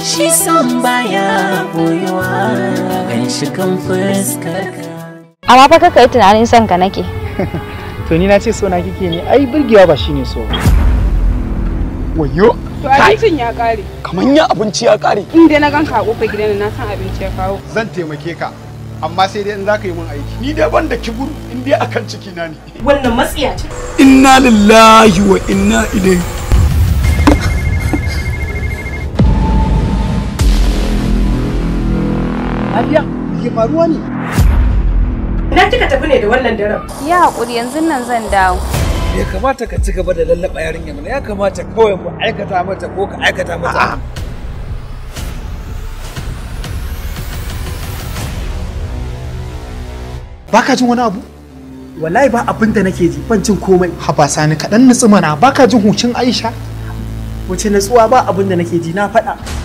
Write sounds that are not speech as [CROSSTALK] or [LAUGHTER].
shi san baya boyuwa gan shi kan fuskar amma fa kaka yi tunanin son ka nake [LAUGHS] to ni na ce so na kike ne ai burgewa ba shine so wayo to abincin ya kare kaman ya abinci ya kare in dai na ganka a kofar gidan na san abinci ya kawo zan taimake ka amma sai dai in za ka yi min aiki ni dai ban da kiburu in dai akan ciki na ne wannan matsiya ce inna lillahi wa inna ilaihi Lafiya, ke faruwa ne? Ina kika tafi ne da wannan daren? Ya haƙuri yanzu nan zan dawo. Ya kamata ka ci gaba da lallaɓa yarinya mana ya kamata kawai mu aikata mata ko ka aikata mata. Ba ka jin wani abu? Wallahi ba abin da nake ji ban jin komai. Haba sani kaɗan nutsu mana ba ka jin hucin Aisha? Wace natsuwa ba abin da nake ji na faɗa.